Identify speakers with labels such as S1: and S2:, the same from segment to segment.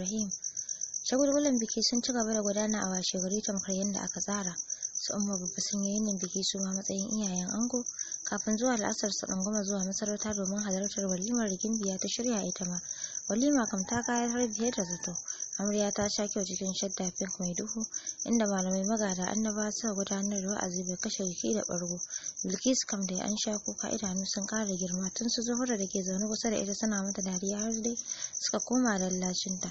S1: Ibrahim. Shagulgulan biki sun ci gaba da gudana a washegari tamkar yadda aka tsara. Su umma babba sun yi yinin biki su ma matsayin iyayen ango kafin zuwa la'asar su ɗunguma zuwa masarauta domin halartar walimar rigimbiya ta shirya ita ma. Walima kam ta kayatar da zato. Amarya ta sha kyau cikin shadda pink mai duhu, inda malamai magada annaba suka gudanar da wa'azi bai kashe jiki da bargo Bilkisu kam da an sha kuka idanu sun kara girma tun su zuhura da ke zaune kusa da ita suna mata dariya har dai suka koma lallacinta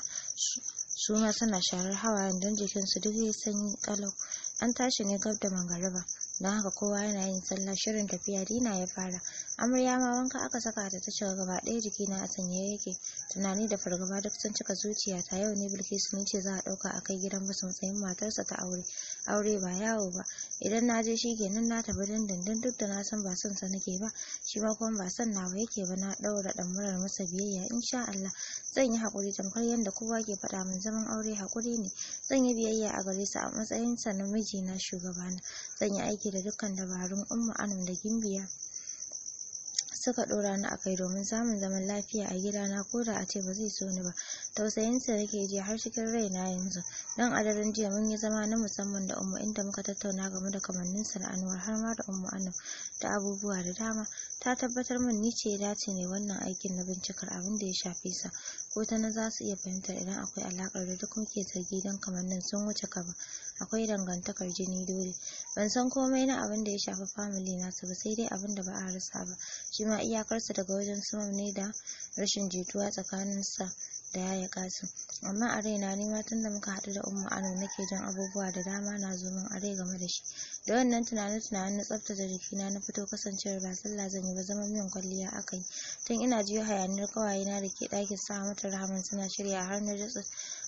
S1: Su ma suna sharar hawayen don jikinsu duk yayi sanyi ƙalau. An tashi ne gab da mangariba. don haka kowa yana yin sallah shirin tafiya dina ya fara amarya ma wanka aka saka ta ta shiga gaba ɗaya jiki na a sanye yake tunani da fargaba duk sun cika zuciyata yau ne bilkisu ne ce za a ɗauka a kai gidan basu matsayin matarsa ta aure aure ba yawo ba idan na je shi kenan na tafi dindindin duk da na san ba son sa nake ba shi ma kuma ba son nawa yake ba na ɗaura damurar masa biyayya insha Allah zan yi hakuri tamkar yadda kowa ke faɗa min zaman aure hakuri ne zan yi biyayya a gare sa a matsayin sa na mijina shugabana zan yi aiki da dukkan dabarun umma anum da gimbiya suka ɗora ni a kai domin samun zaman lafiya a gidana ko da a ce ba zai so ni ba tausayinsa yake ji har cikin rai na yanzu Don a daren jiya mun yi zama na musamman da umma inda muka tattauna game da kamannin sana'anwar har ma da umma anan da abubuwa da dama ta tabbatar min ni ce dace ne wannan aikin na bincikar abin da ya shafe sa ko ta na za su iya fahimtar idan akwai alakar da duk muke zargi dan kamannin sun wuce kaba akwai dangantakar jini dole ban san komai na abin da ya shafi family nasu ba sai dai abin da ba a rasa ba shi ma iyakarsa daga wajen sumam ne da rashin jituwa tsakanin sa da yaya kasu amma a raina ni ma da muka haɗu da umma ano nake jin abubuwa da dama na zo min a rai game da shi da wannan tunanin tunanin na tsaftace jikina na fito kasancewar ba sallah zan yi ba zama min kwalliya aka yi tun ina jiyo hayaniyar na da ke ɗakin sa mata rahaman suna shirya har na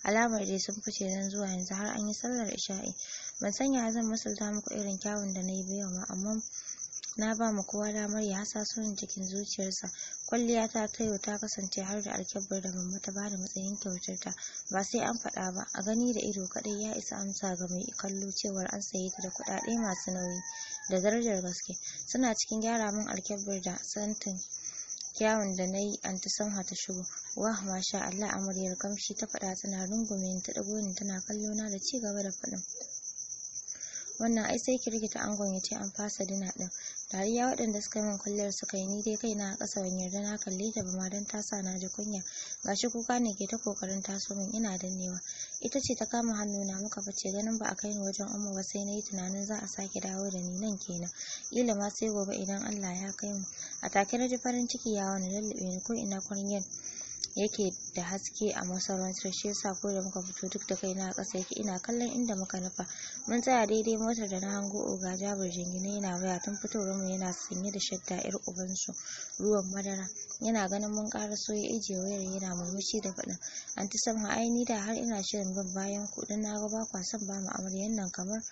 S1: alamar dai sun fice don zuwa yanzu har an yi sallar isha'i ban sanya zan musulta muku irin kyawun da na yi yau ma amma na ba mu kowa damar ya hasa sunan cikin zuciyarsa kwalliya ta tayo ta kasance har da alkyabbar da mamma ta bada matsayin kyautar ta ba sai an faɗa ba a gani da ido kaɗai ya isa amsa ga mai kallo cewar an saye ta da kuɗaɗe masu nauyi da darajar gaske suna cikin gyara min alkyabbar da santin kyawun da na yi an ta samha ta shigo wah masha Allah amaryar kamshi ta faɗa tana rungume ni ta ɗago ni tana kallo na da ci gaba da faɗin wannan ai sai ki rikita angon ya ce an fasa dina din dariya waɗanda suka min kullar suka yi ni dai kaina a ƙasa ban yarda na kalle ta ba ma don ta sa na ji kunya gashi kuka ne ke ta kokarin taso min ina dannewa ita ce ta kama hannu na muka fice ganin ba a kai ni wajen umma ba sai na yi tunanin za a sake dawo da ni nan kenan ila ma sai gobe idan Allah ya kai mu a take na ji farin ciki ya wani lallube ni ko ina yin? yake da haske a masarautar shi yasa ko da muka fito duk da kaina a ƙasa yake ina kallon inda muka nufa mun tsaya daidai motar da na hango oga jabir jingine yana waya tun fitowar mu yana sanye da shadda yar ubansu ruwan madara yana ganin mun ƙara so ya ije wayar yana murmushi da faɗin anti sama ai ni da har ina shirin bin bayan kuɗin na ga ba kwa son ba mu amaryan nan kamar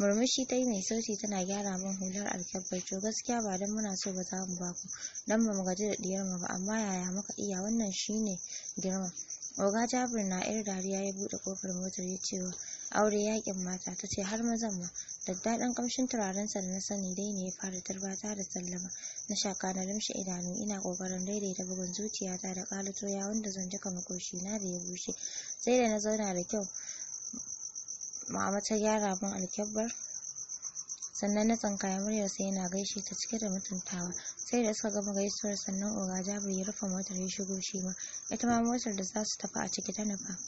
S1: murmushi ta yi mai sauti tana gyara min hular alkyabbar to gaskiya ba don muna so ba za mu baku don ba mu gaji da diyarmu ba amma yaya muka iya wannan shine girma oga jabir na yar dariya ya buɗe kofar motar ya cewa aure yakin mata ta ce har mazan ma daddaɗan kamshin turarensa da na sani dai ne ya fara tarbata da sallama na shaka na lumshe idanu ina kokarin daidaita bugun zuciyata da ƙalatoya, wanda zan jika makoshi na da ya bushe sai da na zauna da kyau mama ta gyara min alkyabbar sannan na tsankaya muryar sai yana gaishe ta cike da mutuntawa sai da suka gama gaisuwar sannan oga jabir ya rufe motar ya shigo shi ma ita ma motar da za su tafi a ciki ta nufa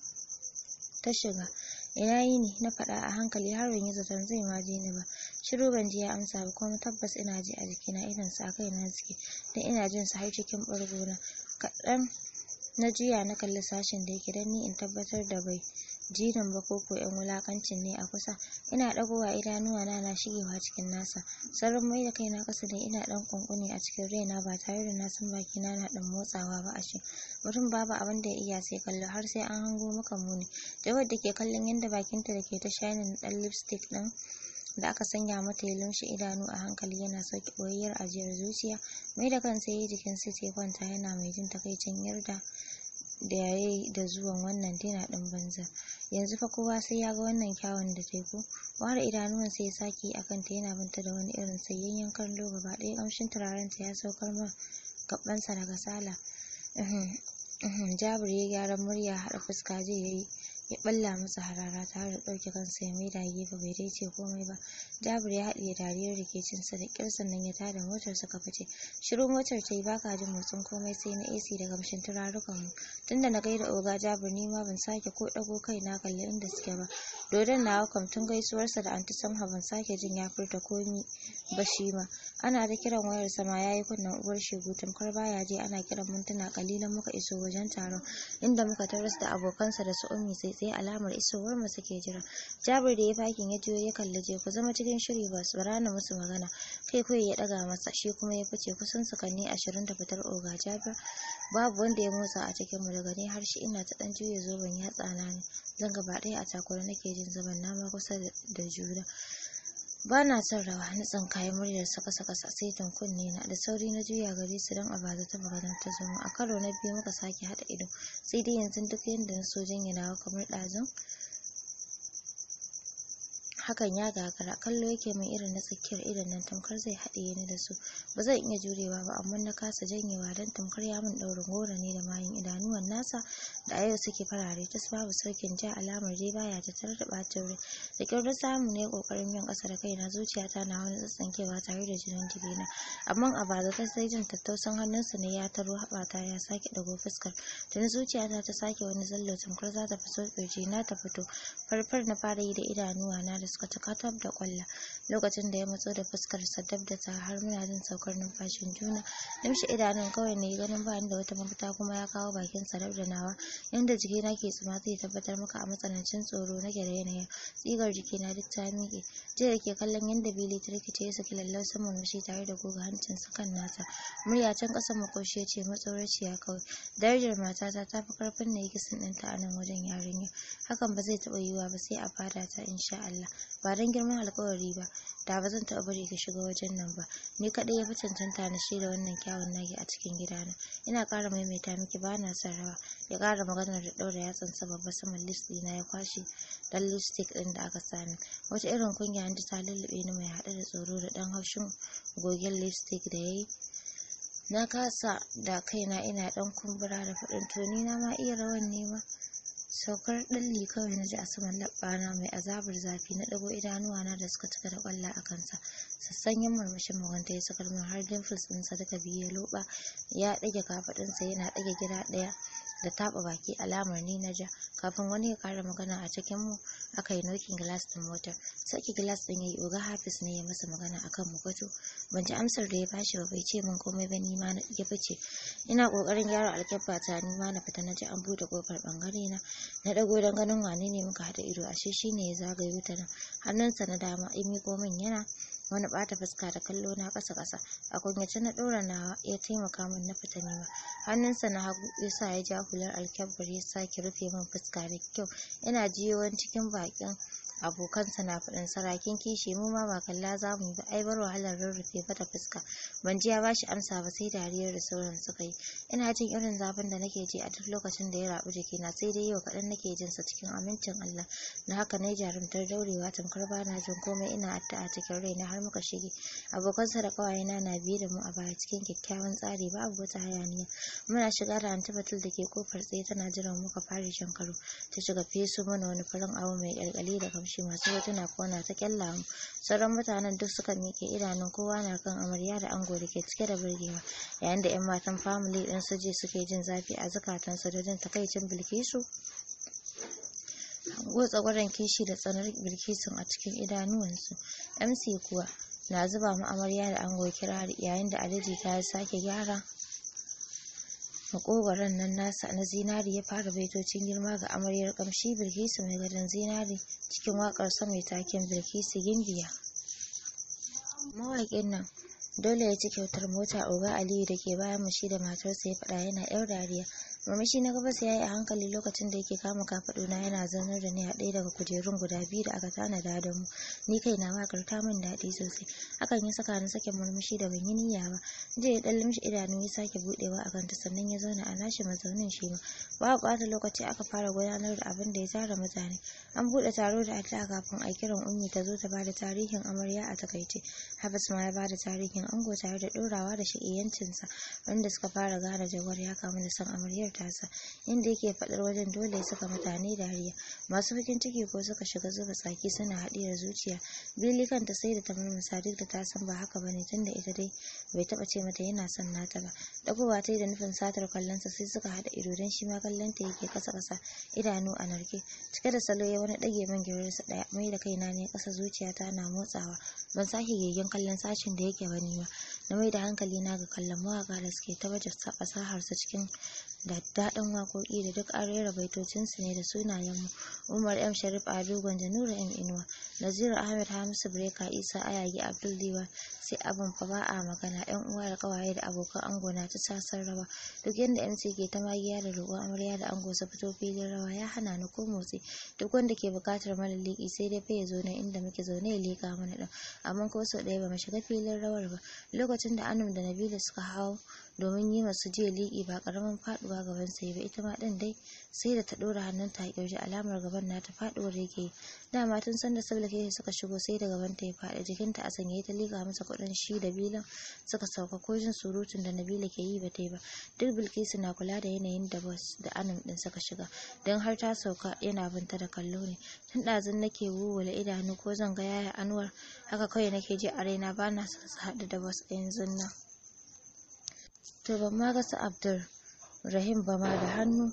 S1: ta shiga ina yi ne na faɗa a hankali har ban yi zaton zai ma je ni ba shiru ban ji ya amsa ba kuma tabbas ina ji a jikina idan a kai na suke dan ina jin su har cikin na kaɗan na juya na kalli sashen da yake dan ni in tabbatar da bai jirin bakoko yan wulakancin ne a kusa ina ɗagowa idanuwa na na shigewa cikin nasa sarrin mai da kaina kasa dan ina ɗan ƙunƙune a cikin raina ba tare da na san baki na na ɗan motsawa ba a shi mutum babu abin da ya iya sai kallo har sai an hango muka muni jawar da ke kallon yadda bakinta da ke ta shanin ɗan lipstick ɗin da aka sanya mata ya lumshi idanu a hankali yana sauki boyayyar ajiyar zuciya mai da kansa ya jikin jikin ya kwanta yana mai jin takaicin yarda da yayi da zuwan wannan tana ɗin banza yanzu fa kowa sai ya ga wannan kyawun da ta ko ware idanuwan sai ya sake a kanta yana binta da wani irin sayayyen kallo gaba ɗaya ƙamshin turaren ta ya saukar ma gabansa daga sala uhm, uhm, uhm, jabir ya gyaran murya haɗa fuska zai yayi ya ɓalla masa harara tare da ɗauke kansa ya maida gefe bai dai ce komai ba jabir ya haɗiye dariyar rikicinsa da ƙyar sannan ya tada motar suka fice shiru motar ta yi baka jin motsin komai sai na ac da gamshin turarukan mu tunda na gaida oga jabir nima ma ban sake ko ɗago kai na kalli inda suke ba dodon nawa kam tun gaisuwarsa da anti samha ban sake jin ya furta komi ba shi ma ana da kiran wayar sama ya yi kunnen uwar shegu tamkar baya je ana kiran mintuna kalilan muka iso wajen taron inda muka taras da abokansa da su ummi sai sai alamar isowar mu suke jira jabir da ya fakin ya jiyo ya kalli je ku zama cikin shiri ba su rana musu magana kai koyi ya daga masa shi kuma ya fice kusan sakanni ashirin da fitar oga jabir babu wanda ya motsa a cikin mu daga ne har shi ina ta dan juya zoben ya tsana ne zan gaba ɗaya a takura nake jin zaman na kusa da juna ba na son rawa nutsan kayan muryar saka saka sai tun kunne na da sauri na juya gare su don a baza ta maganar ta zama a karo na biyu muka sake hada ido sai dai yanzu duk yadda na so janye nawa kamar ɗazun hakan ya gagara kallo yake min irin na tsakiyar idan nan tamkar zai haɗe ni da su ba zan iya jurewa ba amma na kasa janyewa don tamkar ya min ɗaurin goro ne da mayin idanuwan nasa da a yau suke farare ta su babu sarkin ja alamar dai baya ta tare da ɓacin rai da na samu ne ƙoƙarin yin ƙasa da kaina zuciyata na wani tsatsankewa tare da jinin na amma a baza ta sai jin tattausan hannunsa ne ya taro haɓata ya sake ɗago fuskar tuni zuciyata ta sake wani zallo tamkar za ta fito ƙirji na ta fito farfar na fara yi da idanuwa na da fuska ta katab da kwalla lokacin da ya matso da fuskar sa dab da ta har muna jin saukar numfashin juna limshi idanun kawai ne ganin ba da wata mafita kuma ya kawo bakin sa dab da nawa inda jiki na ke tsuma zai tabbatar maka a matsanancin tsoro nake da yanayin tsigar jiki na duk ta miƙe jiya ke kallon yadda bili ta rikice ya saki lallau saman mashi tare da goga hancin sa kan nasa murya can ƙasan makoshi ya ce matsoraciya kawai darajar matata ta fi karfin na yi kisan ɗinta a nan wajen yarinya hakan ba zai taɓa yiwuwa ba sai a fada ta insha Allah ba don girman alkawari ba da ba zan taɓa bari ka shiga wajen nan ba ni kaɗai ya fi cancanta na shi da wannan kyawun naki a cikin gidana ina ƙara maimaita miki ba na son rawa ya ƙara maganar da ɗaura yatsan sa babba saman listi na ya kwashe ɗan lipstick ɗin da aka sami wata irin kunya hanji ta lullube ni mai haɗe da tsoro da ɗan haushin gogen lipstick da ya yi na kasa da kaina ina ɗan kumbura da faɗin to ni na ma iya rawan ne nema saukar ɗalli kawai na ji a saman labbana mai azabar zafi na ɗago na da suka cika da ƙwallo a kansa sassanyen murmushin maganta ya sakar min har dimples ɗinsa duka biyu ya loɓa ya ɗage kafaɗinsa yana ɗage gida ɗaya da taɓa baki alamar ni na ja kafin wani ya ƙara magana a cikin mu aka yi nokin glass ɗin motar saki gilas ɗin yayi oga hafiz ne ya masa magana akan mukwato ban ji amsar da ya bashi ba bai ce min komai ba ni ma ya fice ina ƙoƙarin gyara alkyabba ta ni ma na fita na ji an buɗe kofar bangare na na dago dan ganin wane ne muka haɗa ido ashe shine ya zagayo ta nan hannunsa na dama in miƙo min yana wani bata fuska da kallo na kasa kasa a kunyace na dora nawa ya taimaka min na fita nema hannunsa na hagu yasa ya ja hular alkebbar ya sake rufe min fuska da kyau ina jiyo cikin bakin abokansa na faɗin sarakin kishi mu ma ba kalla za mu ba ai bar wahalar rurrufe mata fuska ban ji ya bashi amsa ba sai dariyar da sauran suka yi ina jin irin zafin da nake ji a duk lokacin da ya rabu na sai dai yau kaɗan nake jin sa cikin amincin Allah Na haka na jarumtar daurewa tamkar ba na jin komai ina addu'a cikin raina har muka shige abokansa da ƙawayena na biye da mu a baya cikin kyakkyawan tsari babu wata hayaniya muna shiga da antibatul da ke kofar tsaye tana jiran muka fara shan karo ta shiga fesu mana wani farin abu mai ƙyalƙyale da shi masu hotuna kona ta mu sauran mutanen duk suka miƙe idanun kowa na kan amarya da ango da ke cike da birgewa yayin da 'yan matan famili ɗin su je suke jin zafi a zukatansu da jin takaicin bilkisu gotsa gwaron kishi da tsanar bilkisun a cikin idanuwansu mc kuwa na zuba mu amarya da ango kirari yayin da aliji ta sake gyara makogoron nan nasa na zinari ya fara baitocin girma ga amaryar kamshi bilkisu mai gadon zinari cikin wakar sa mai taken bilkisu gimbiya mawaƙin nan dole ya ci kyautar mota oga aliyu da ke bayan mu shi da matarsa ya faɗa yana yar dariya murmushi na gabas ya yi a hankali lokacin da yake kama kafaɗo na yana zaunar da ni a ɗaya daga kujerun guda biyu da aka tana da adamu ni kai na wakar ta min daɗi sosai hakan ya saka ni sake murmushi da ban yi niyya ba je ya ɗan limshi idanu ya sake buɗewa a kanta sannan ya zauna a nashi mazaunin shi ma babu ɓata lokaci aka fara gudanar da abin da ya tara mutane an buɗe taro da addu'a kafin a kiran ummi ta zo ta ba da tarihin amarya a takaice habas ma ya da tarihin ango tare da ɗorawa da shi'iyancinsa wanda suka fara gane jagwar ya kamu da san amaryar matasa inda yake faɗar wajen dole ya saka mutane dariya masu bakin ciki ko suka shiga zuba tsaki suna haɗiyar zuciya billy kanta sai da ta murmusa duk da ta san ba haka bane tunda ita dai bai taɓa ce mata yana son nata ba ɗagowa ta yi da nufin satar kallonsa sai suka haɗa ido don shi ma kallon ta yake kasa kasa idanu a narke cike da salo ya wani ɗage man gyararsa daya mai da kaina ne ƙasa ta na motsawa ban sake gegen kallon sashin da yake bani ba na mai da hankali na ga kallon mawaka da suke ta baje fasahar su cikin da daɗin waƙoƙi da duk an rera baitocinsu ne da sunayen mu umar m sharif ado gwanja nura m inuwa naziru ahmed hamisu breka isa ayagi abdul diwa sai abin fa ba a magana yan uwa da kawaye da abokan ango na ta sasar rawa duk yadda mc ke ta magiya da roƙon amarya da ango su fito filin rawa ya hana ni ko motsi duk wanda ke buƙatar mana liƙi sai dai fa ya zo na inda muke zaune ya liƙa mana ɗin amma ko sau ɗaya ba mu shiga filin rawar ba lokacin da anum da nabila suka hau domin yi masu jiya liƙi ba ƙaramin faɗuwa gaban sai ba ita ma ɗin dai sai da ta ɗora hannun ta ƙirji alamar gaban na ta faɗuwar yake dama tun sanda sabila ke suka shigo sai da gaban ta ya faɗi jikinta a sanye ta liƙa masa kuɗin shi da bilan suka sauka ko jin surutun da nabila ke yi ba ta yi ba duk bilkisu na kula da yanayin da bas da anum ɗin suka shiga don har ta sauka yana binta da kallo ne tun ɗazun nake wuwula idanu ko zan ga yaya anuwar haka kawai nake ji a raina ba na son su haɗu da bas ɗin zunnan. to ban ma ga su abdul rahim ba ma da hannu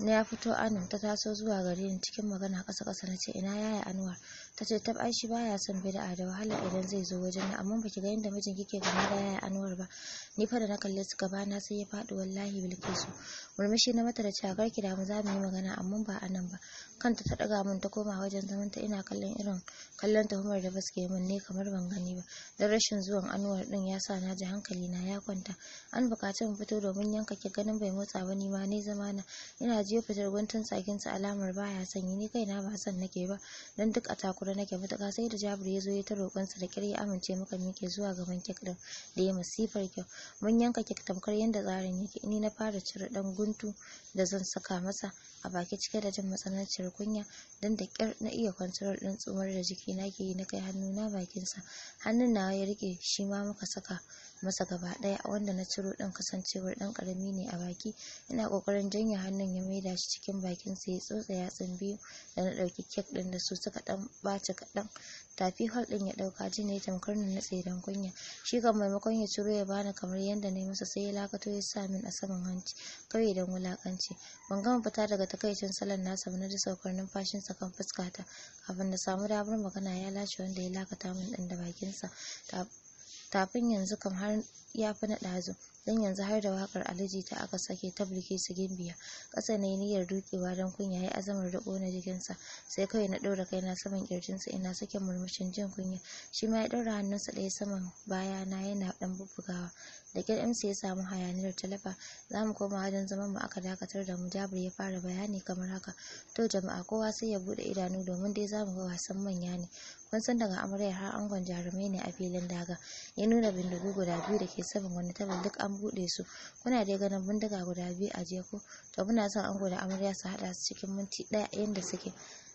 S1: na ya fito anan ta taso zuwa gare ni cikin magana ƙasa ƙasa na ce ina yaya anwar ta ce tab ai shi baya son bid'a da wahala idan zai zo wajen na amma baki ga yanda mijin kike game da yaya anwar ba ni fa da na kalle su gaba na sai ya faɗi wallahi bilkisu murmushi na mata da cewa ki da mu za mu yi magana amma ba a nan ba kanta ta daga min ta koma wajen zaman ta ina kallon irin kallon tuhumar da baske mun ne kamar ban gani ba dan rashin zuwan anwar din ya sa na ji hankali na ya kwanta an bukaci mu fito domin yanka ki ganin bai motsa ba ni ma ne zama na ina jiyo fitar guntun sakin sa alamar baya sanyi ni kaina ba san nake ba dan duk a takura nake matuƙa sai da Jabir ya zo ya ta roƙonsa da ƙyar ya amince muka miƙe zuwa gaban kek ɗin da ya masifar kyau mun yanka kek tamkar yadda tsarin yake ni na fara cire ɗan guntu da zan saka masa a baki cike da jin matsananciyar kunya don da ƙyar na iya kwantarar ɗin tsumar da jiki na ke yi na kai hannu na bakinsa hannun nawa ya riƙe shi ma muka saka masa gaba ɗaya wanda na ciro ɗin kasancewar ɗan ƙarami ne a baki ina ƙoƙarin janye hannun ya maida shi cikin bakin sa ya tsotsa yatsun biyu da na ɗauki kek ɗin da su suka ɗan ɓaci kaɗan tafi hol ɗin ya ɗauka ji ya tamkar na natse don kunya shi kan maimakon ya ciro ya bani kamar yadda ne masa sai ya lakato ya sa min a saman hanci kawai don wulaƙanci ban gama fita daga takaicin salon nasa ba na ji saukar sa kan fuskata kafin na samu damar magana ya lashe wanda ya lakata min ɗin da bakinsa tafin yanzu kam har ya fi na ɗazu don yanzu har da wakar aliji ta aka sake ta bulke su gimbiya ƙasa ne niyyar dukewa don kunya ya azamar da ƙona jikinsa sai kawai na ɗora kaina saman ƙirjinsa ina sake murmushin jin kunya shi ma ya ɗora hannunsa ɗaya saman baya na yana ɗan bubbugawa da kyar mc ya samu hayaniyar talafa za mu koma wajen zaman mu aka dakatar da mu jabir ya fara bayani kamar haka to jama'a kowa sai ya buɗe idanu domin dai za mu ga wasan manya ne kun san daga amarya har angon jarumai ne a filin daga ya nuna bindigu guda biyu da ke saman wani tabal duk an buɗe su kuna dai ganin bindiga guda biyu a jeku to muna son ango da amarya su haɗa su cikin minti ɗaya yadda suke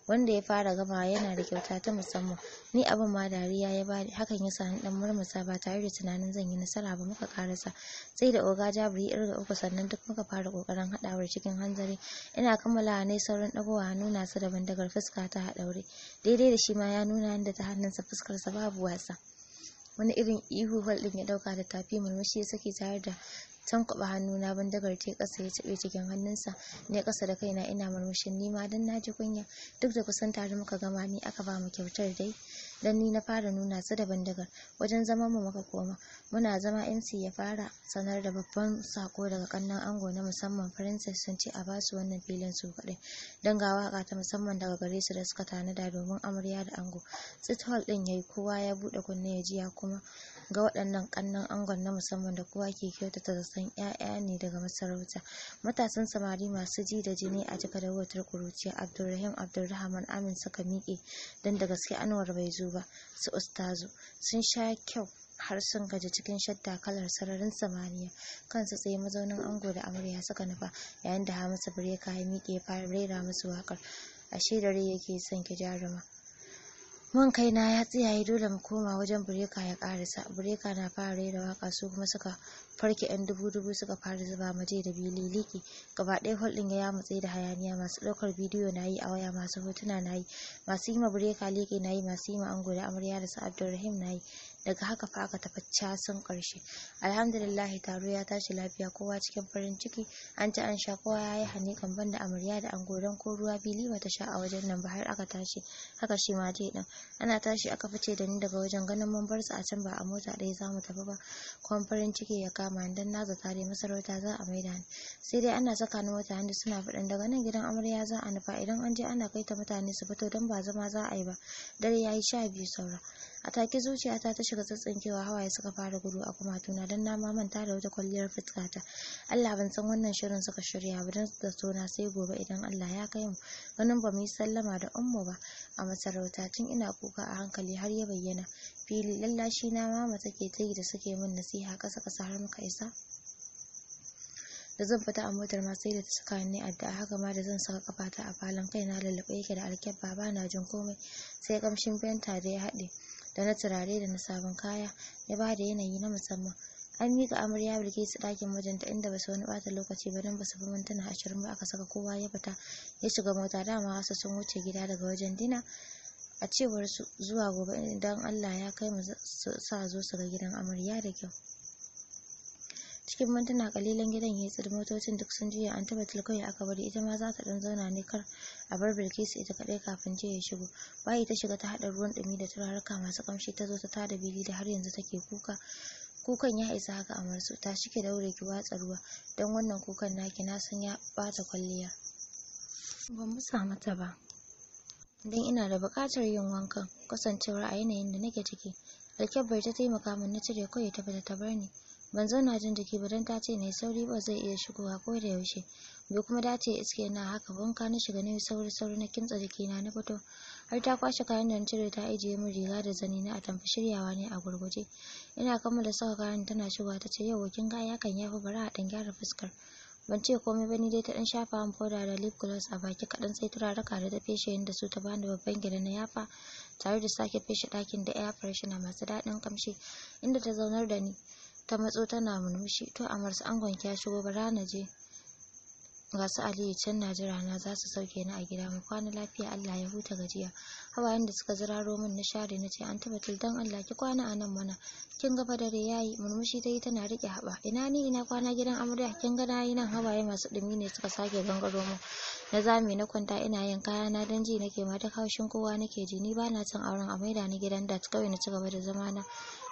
S1: wanda ya fara gamawa yana da kyauta ta musamman ni abin ma dariya ya bani hakan yasa ni dan murmusa ba tare da tunanin zan yi nasara ba muka karasa sai da oga ya irga uku sannan duk muka fara kokarin hadawar cikin hanzari ina kammala ne saurin dagowa nuna su da bandagar fuska ta haɗaure daidai da shi ma ya nuna yadda ta hannunsa fuskarsa babu wasa wani irin ihu hol din ya dauka da tafi murmushi ya saki tare da tankwaba hannuna bandagar ta ƙasa ya taɓe cikin hannunsa ne ƙasa da kaina ina murmushin nima don na ji kunya duk da kusan tare muka gama ni aka ba mu kyautar dai dan ni na fara nuna su da bandagar wajen zaman mu muka koma muna zama mc ya fara sanar da babban sako daga kannan ango na musamman princess sun ce a basu wannan filin su kaɗai don ga waka ta musamman daga gare su da suka tanada domin amarya da ango sit hall din yayi kowa ya buɗe kunne ya jiya kuma ga waɗannan kannan angon na musamman da kowa ke kyautata da san ƴaƴa ne daga masarauta matasan samari masu ji da jini a cika da wutar kuruciya abdulrahim abdulrahman amin suka miƙe don da gaske anwar bai zo ba su ustazu sun sha kyau har sun gaji cikin shadda kalar sararin samaniya kansu tsaye mazaunin ango da amarya suka nufa yayin da hamisu bireka ya miƙe ya fara rera musu waƙar ashe dare yake son ki jaruma mun kai na ya tsiyaye dole mu koma wajen bureka ya karisa bureka na fara raira waka su kuma suka farke yan dubu dubu suka fara zuba maje da bili liki gaba ɗaya holɗin ya ya mutse da hayaniya masu ɗaukar bidiyo na yi a waya masu hotuna na yi masu yi ma bureka liki na yi masu yi ma ango da amarya da su rahim na yi daga haka fa aka tafi casin ƙarshe alhamdulillah taro ya tashi lafiya kowa cikin farin ciki an ci an sha kowa ya yi hanikan banda amarya da angoron ko ruwa bili bata sha a wajen nan ba har aka tashi haka shi ma dai din ana tashi aka fice da ni daga wajen ganin mun bar su a can ba a mota ɗaya za mu tafi ba kuma farin ciki ya kama ni dan na zata dai masarauta za a mai da ni sai dai ana saka ni mota hannu suna faɗin daga nan gidan amarya za a nufa idan an je ana kai ta mutane su fito don ba zama za a yi ba dare ya yi sha biyu saura a take zuciyata ta shiga tsatsinkewa hawaye suka fara gudu a kumatuna don na ma manta da wata kwalliyar fuskata Allah ban san wannan shirin suka shirya ba don da tona sai gobe idan Allah ya kai mu ganin ba mu yi sallama da ummu ba a masarauta tun ina kuka a hankali har ya bayyana fili lallashi na mama take ta yi da suke min nasiha kasa kasa har muka isa da zan fita a motar ma sai da ta saka ni addu'a haka ma da zan saka kafata a falon kai na lallabe yake da alkyabba ba na jin komai sai kamshin benta da ya haɗe da na turare da na sabon kaya ya ba da yanayi na musamman an miƙa amarya bilkisu ɗakin mijinta inda ba su wani bata lokaci ba don ba su fi mintuna ashirin ba aka saka kowa ya fita ya shiga mota dama wasu sun wuce gida daga wajen dina a cewar su zuwa gobe idan allah ya kai mu sa zo su ga gidan amarya da kyau cikin mintuna kalilan gidan ya tsiri motocin duk sun juya an taba tilkawai aka bari ita ma za ta dan zauna ne kar a bar bilkisu ita kadai kafin jiya ya shigo bayi ta shiga ta hada ruwan dumi da turaruka masu kamshi ta zo ta tada bili da har yanzu take kuka kukan ya isa haka a marsu ta shike daure ki watsa ruwa don wannan kukan naki na san ya bata kwalliya. ban musa mata ba don ina da buƙatar yin wankan kasancewar a yanayin da nake ciki alkyabbar ta taimaka min na cire kawai ta bata ta bar ni ban zauna jin jiki ba don ta ce mai sauri ba zai iya shigowa ko da yaushe bai kuma dace iske na haka wanka na shiga na sauri sauri na kintsa jikina na na fito har ta kwashe kayan da na cire ta ajiye min riga da zani na atamfa shiryawa ne a gurguje ina kammala saka kayan tana shigowa ta ce yau kin ga yakan fi bari a dan gyara fuskar ban ce komai ba ni dai ta dan shafa min foda da lip gloss a baki kaɗan sai turaraka da ta feshe yadda su ta bani babban gida na yafa tare da sake feshe ɗakin da air freshener masu daɗin kamshi inda ta zaunar da ni ta matso tana murmushi to su angon ya shigo bara na je ga su aliyu can na jira na za su sauke ni a gida mu kwana lafiya allah ya huta gajiya hawayen da suka ziraro min na share na ce an tabbatar dan allah ki kwana a nan mana kin gaba dare yayi murmushi ta yi tana rike haba ina ni ina kwana gidan amarya kin ga nayi nan hawaye masu dumi ne suka sake gangaro mu na zame na kwanta ina yin kaya na dan ji nake ma ta haushin kowa nake ji ni bana son auren a maida ni gidan da kawai na ci gaba da zama na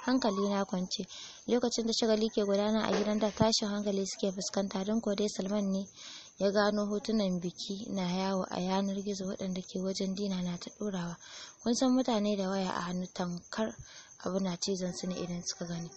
S1: hankali na kwance lokacin da shagali ke gudana a gidan da tashin hankali suke fuskanta don ko dai salman ne ya gano hotunan biki na yawo a yanar gizo waɗanda ke wajen dina na ta ɗorawa kun san mutane da waya a hannu tamkar abu na cizon su ne idan suka gani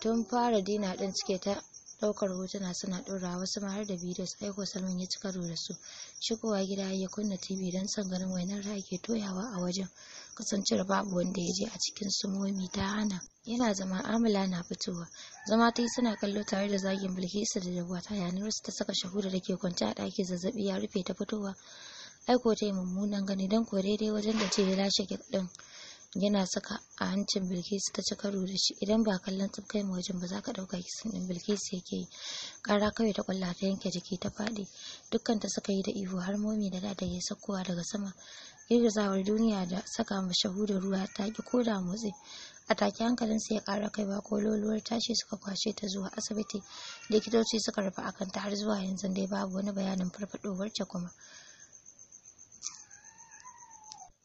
S1: tun fara dina ɗin suke ta ɗaukar hotuna suna ɗora wasu ma har da bidiyo su aiko salman ya ci karo da su shigowa gida ya kunna tv don son ganin wainar da ake toyawa a wajen kasancewar babu wanda ya je a cikin sumomi ta hana yana zama amala na fitowa zama ta suna kallo tare da zagin bilkisu da dabuwa ta yanar ta saka shahuda da ke kwance a ɗaki zazzabi ya rufe ta fitowa aiko ta yi mummunan gani don ko daidai wajen da ce ya lashe ɗin yana saka a hancin bilkisu ta ci karo da shi idan ba kallon tun kai wajen ba za ka ɗauka kisan ɗin bilkisu yake yi ƙara kawai ta ƙwallata yanke jiki ta faɗi dukkan ta suka yi da ihu har momi da da ya sakkowa daga sama girgizawar duniya da saka da ruwa ta ki ko koda motsi a hankalin su ya kara kaiwa ko loluwar tashi suka kwashe ta zuwa asibiti likitoci suka rufe akan ta har zuwa yanzu dai babu wani bayanin farfadowar ta kuma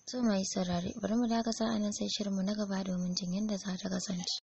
S1: to mai saurare bari mu dakasa a nan sai shirinmu na gaba domin jin yadda za ta kasance